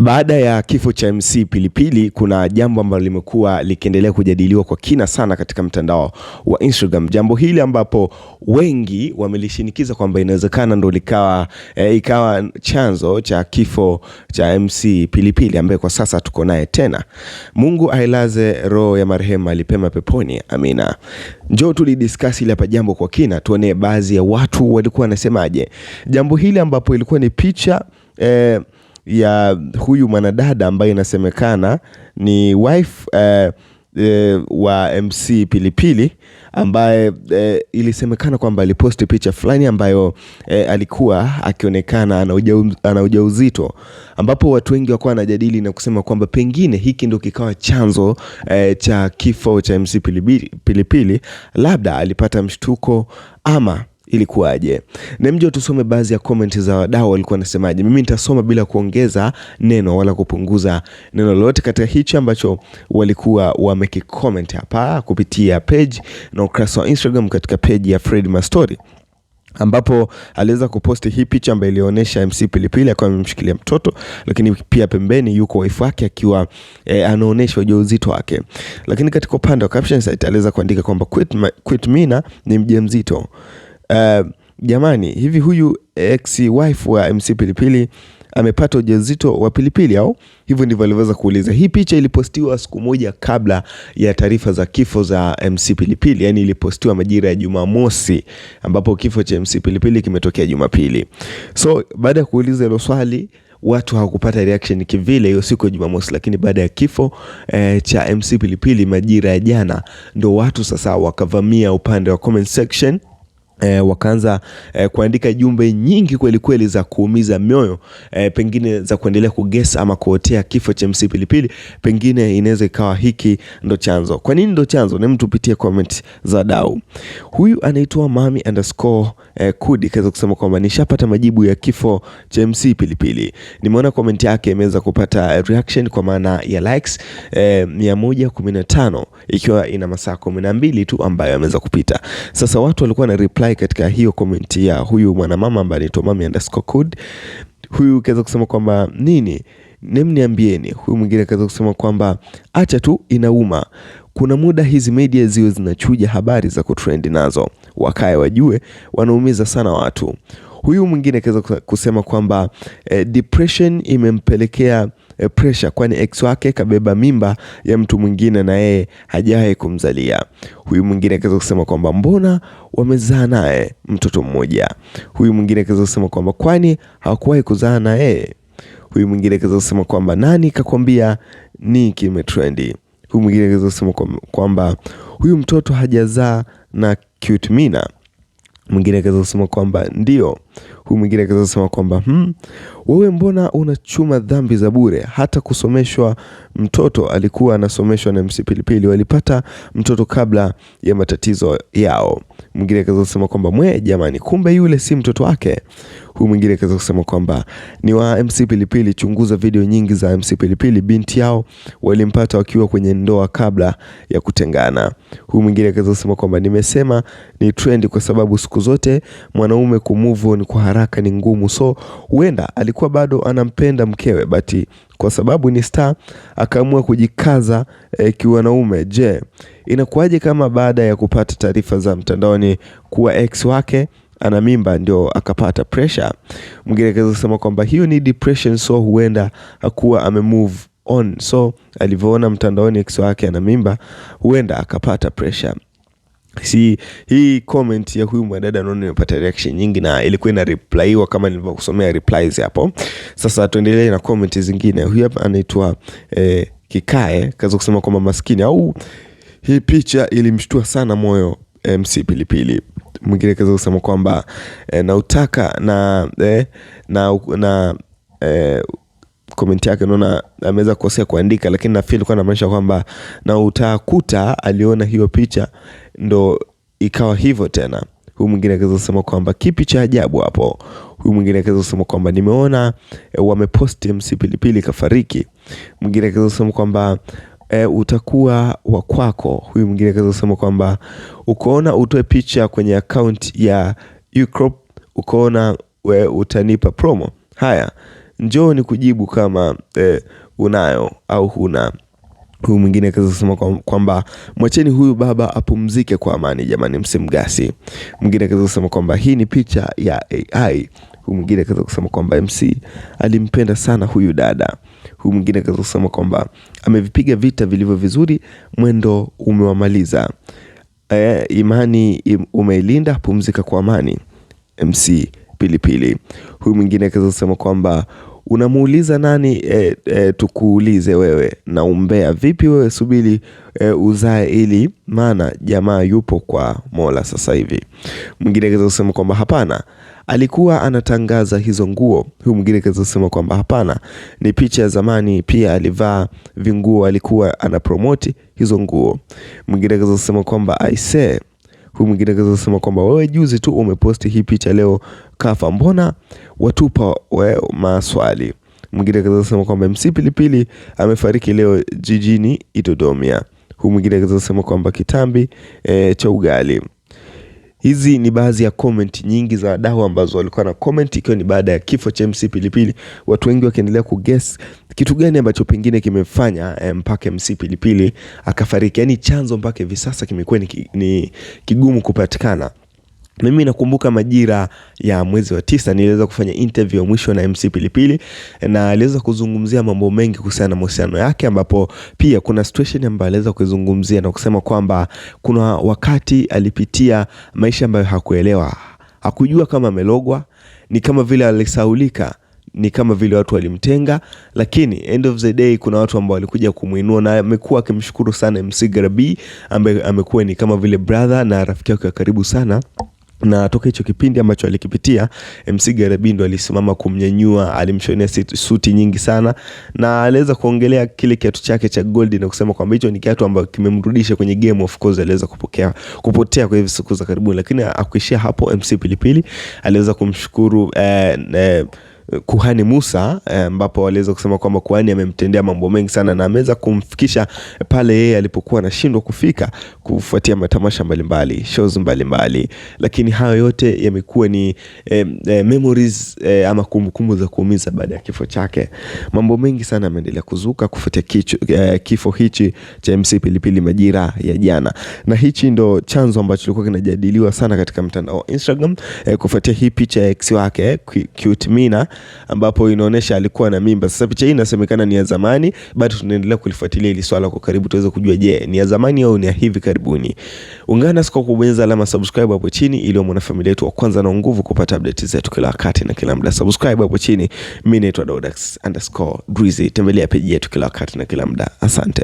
Baada ya kifo cha MC Pilipili, kuna jambo ambalo limekuwa likiendelea kujadiliwa kwa kina sana katika mtandao wa Instagram, jambo hili ambapo wengi wamelishinikiza kwamba inawezekana ndo likawa e, ikawa chanzo cha kifo cha MC Pilipili ambaye kwa sasa tuko naye tena. Mungu ailaze roho ya marehemu alipema peponi, amina. Njoo tulidiskasi ile hapa jambo kwa kina, tuone baadhi ya watu walikuwa wanasemaje jambo hili, ambapo ilikuwa ni picha eh, ya huyu mwanadada ambaye inasemekana ni wife eh, eh, wa MC Pilipili ambaye eh, ilisemekana kwamba aliposti picha fulani ambayo eh, alikuwa akionekana ana ujauzito ambapo watu wengi wakuwa wanajadili na kusema kwamba pengine hiki ndo kikawa chanzo eh, cha kifo cha MC Pilipili, Pilipili labda alipata mshtuko ama ilikuwaje? Na mje tusome baadhi ya comment za wadau walikuwa wanasemaje. Mimi nitasoma bila kuongeza neno wala kupunguza neno lolote katika hichi ambacho walikuwa wamekicomment hapa kupitia page na ukurasa wa Instagram katika page ya Fred Mastori ambapo aliweza kuposti hii picha ambayo ilionyesha MC Pilipili akiwa amemshikilia mtoto, lakini pia pembeni yuko wife wake akiwa e, anaonyesha ujauzito wake. Lakini katika upande wa caption site aliweza kuandika kwamba quit, quit Mina ni mjamzito. Uh, jamani hivi huyu ex wife wa MC Pilipili amepata ujauzito wa Pilipili au? Hivyo ndivyo alivyoweza kuuliza. Hii picha ilipostiwa siku moja kabla ya taarifa za kifo za MC Pilipili, yani ilipostiwa majira ya Jumamosi, ambapo kifo cha MC Pilipili kimetokea Jumapili. So baada ya kuuliza hilo swali watu hawakupata reaction kivile hiyo siku ya Jumamosi, lakini baada ya kifo e, cha MC Pilipili majira ya jana, ndo watu sasa wakavamia upande wa comment section E, wakaanza e, kuandika jumbe nyingi kweli kweli za kuumiza mioyo e, pengine za kuendelea kugesa ama kuotea kifo cha MC Pilipili. Pengine inaweza ikawa hiki ndo chanzo. Kwa nini ndo chanzo? Ni mtu tupitie comment za dau. Huyu anaitwa mami underscore e, kudi kaweza kusema kwamba nishapata majibu ya kifo cha MC Pilipili. Nimeona comment yake imeweza kupata reaction kwa maana ya likes e, 115 ikiwa ina masaa 12 tu ambayo ameweza kupita. Sasa watu walikuwa na reply reply katika hiyo komenti ya huyu mwanamama ambaye anaitwa mami underscore code. Huyu akaweza kusema kwamba nini nemniambieni. Huyu mwingine akaweza kusema kwamba acha tu, inauma kuna muda hizi media ziwe zinachuja habari za kutrendi nazo, wakae wajue, wanaumiza sana watu. Huyu mwingine akaweza kusema kwamba eh, depression imempelekea e, pressure kwani ex wake kabeba mimba ya mtu mwingine na yeye hajawahi kumzalia. Huyu mwingine akaweza kusema kwamba mbona wamezaa naye mtoto mmoja. Huyu mwingine akaweza kusema kwamba kwani hawakuwahi kuzaa na yeye. Huyu mwingine akaweza kusema kwamba nani kakwambia ni kimetrendi. Huyu mwingine akaweza kusema kwamba huyu mtoto hajazaa na cute Mina. Mwingine akaweza kusema kwamba ndio Huyu mwingine akaweza kusema kwamba hmm, wewe mbona unachuma dhambi za bure? Hata kusomeshwa mtoto alikuwa anasomeshwa na MC Pilipili, walipata mtoto kabla ya matatizo yao. Mwingine akaweza kusema kwamba mwe jamani, kumbe yule si mtoto wake. Huyu mwingine akaweza kusema kwamba ni wa MC Pilipili, chunguza video nyingi za MC Pilipili, binti yao walimpata wakiwa kwenye ndoa kabla ya kutengana. Huyu mwingine akaweza kusema kwamba nimesema ni trend kwa sababu siku zote mwanaume kumove on kwa haraka haraka ni ngumu, so huenda alikuwa bado anampenda mkewe, but kwa sababu ni star akaamua kujikaza eh, kiwanaume. Je, inakuwaje kama baada ya kupata taarifa za mtandaoni kuwa ex wake ana mimba ndio akapata pressure? Mwingine akaweza kusema kwamba hiyo ni depression, so huenda hakuwa amemove on, so alivyoona mtandaoni ex wake ana mimba, huenda akapata pressure. Si, hii comment ya huyu mwadada naona imepata reaction nyingi na ilikuwa ina replyiwa kama nilivyokusomea replies hapo. Sasa tuendelee na comment zingine. Huyu hapa anaitwa eh, Kikae kaza kusema kwamba maskini au hii picha ilimshtua sana moyo MC Pilipili. Mwingine kaza kusema kwamba eh, na utaka na eh, na na eh, komenti yake naona ameweza kukosea kuandika, lakini nafikiri alikuwa anamaanisha kwamba na utakuta aliona hiyo picha ndo ikawa hivyo tena. Huyu mwingine akaweza kusema kwamba kipi cha ajabu hapo? Huyu mwingine akaweza kusema kwamba nimeona e, wameposti MC Pilipili kafariki. Mwingine akaweza kusema kwamba e, utakuwa wa kwako. Huyu mwingine akaweza kusema kwamba ukoona utoe picha kwenye akaunti ya Ucrop, ukoona we eh, utanipa promo. Haya, njoo ni kujibu kama e, unayo au huna. Huyu mwingine akaweza kusema kwamba mwacheni huyu baba apumzike kwa amani jamani, msimgasi. Mwingine akaweza kusema kwamba hii ni picha ya AI. Huyu mwingine akaweza kusema kwamba MC alimpenda sana huyu dada. Huyu mwingine akaweza kusema kwamba amevipiga vita vilivyo vizuri, mwendo umewamaliza. E, imani umeilinda, pumzika kwa amani MC Pilipili. Huyu mwingine akaweza kusema kwamba unamuuliza nani e, e, tukuulize wewe na umbea vipi wewe subiri e, uzae ili maana jamaa yupo kwa Mola sasa hivi. Mwingine akaweza kusema kwamba hapana, alikuwa anatangaza hizo nguo. Huyu mwingine akaweza kusema kwamba hapana, ni picha ya zamani, pia alivaa vinguo, alikuwa anapromoti hizo nguo. Mwingine akaweza kusema kwamba aisee Huyu mwingine kaza kusema kwamba wewe juzi tu umeposti hii picha, leo kafa, mbona watupa we maswali. Mwingine kaza kusema kwamba MC Pilipili amefariki leo jijini Itodomia. Huyu mwingine kaza kusema kwamba kitambi e, cha ugali Hizi ni baadhi ya comment nyingi za wadau ambazo walikuwa na comment, ikiwa ni baada ya kifo cha MC Pilipili, watu wengi wakiendelea guess kitu gani ambacho pengine kimefanya eh, mpaka MC Pilipili akafariki, yani chanzo mpaka hivi sasa kimekuwa ni kigumu kupatikana. Mimi nakumbuka majira ya mwezi wa tisa niliweza kufanya interview ya mwisho na MC Pilipili na aliweza kuzungumzia mambo mengi kuhusiana na mahusiano yake, ambapo pia kuna situation ambayo aliweza kuizungumzia na kusema kwamba kuna wakati alipitia maisha ambayo hakuelewa, hakujua kama amelogwa, ni kama vile alisaulika ni kama vile watu walimtenga, lakini end of the day kuna watu ambao walikuja kumuinua na amekuwa akimshukuru sana MC Grabi ambaye amekuwa ni kama vile brother na rafiki yake wa karibu sana na toka hicho kipindi ambacho alikipitia MC Garabindo alisimama kumnyanyua, alimshonea suti nyingi sana, na aliweza kuongelea kile kiatu chake cha goldi na kusema kwamba hicho ni kiatu ambacho kimemrudisha kwenye game. Of course aliweza kupokea kupotea kwa hivi siku za karibuni, lakini akuishia hapo. MC Pilipili aliweza kumshukuru eh, eh, kuhani Musa, eh, ambapo waliweza kusema kwamba kuhani amemtendea mambo mengi sana na ameweza kumfikisha pale yeye alipokuwa anashindwa kufika kufuatia matamasha mbalimbali, shows mbalimbali. Lakini hayo yote yamekuwa ni eh, eh, memories eh, ama kumbukumbu za kuumiza baada ya kifo chake. Mambo mengi sana yameendelea kuzuka kufuatia eh, kifo hichi cha MC Pilipili majira ya jana, na hichi ndo chanzo ambacho kilikuwa kinajadiliwa sana katika mtandao wa Instagram eh, kufuatia hii picha ya ex wake eh, Cute Mina ambapo inaonyesha alikuwa na mimba. Sasa picha hii inasemekana ni ya zamani, bado tunaendelea kulifuatilia hili swala kwa karibu tuweze kujua, je, ni ya zamani au ni ya hivi karibuni? Ungana nasi kwa kubonyeza alama subscribe hapo chini, ili mwanafamilia yetu wa kwanza na nguvu kupata update zetu kila wakati na kila muda. Subscribe hapo chini. Mimi naitwa Dodax_Drizzy, tembelea peji yetu kila wakati na kila muda. Asante.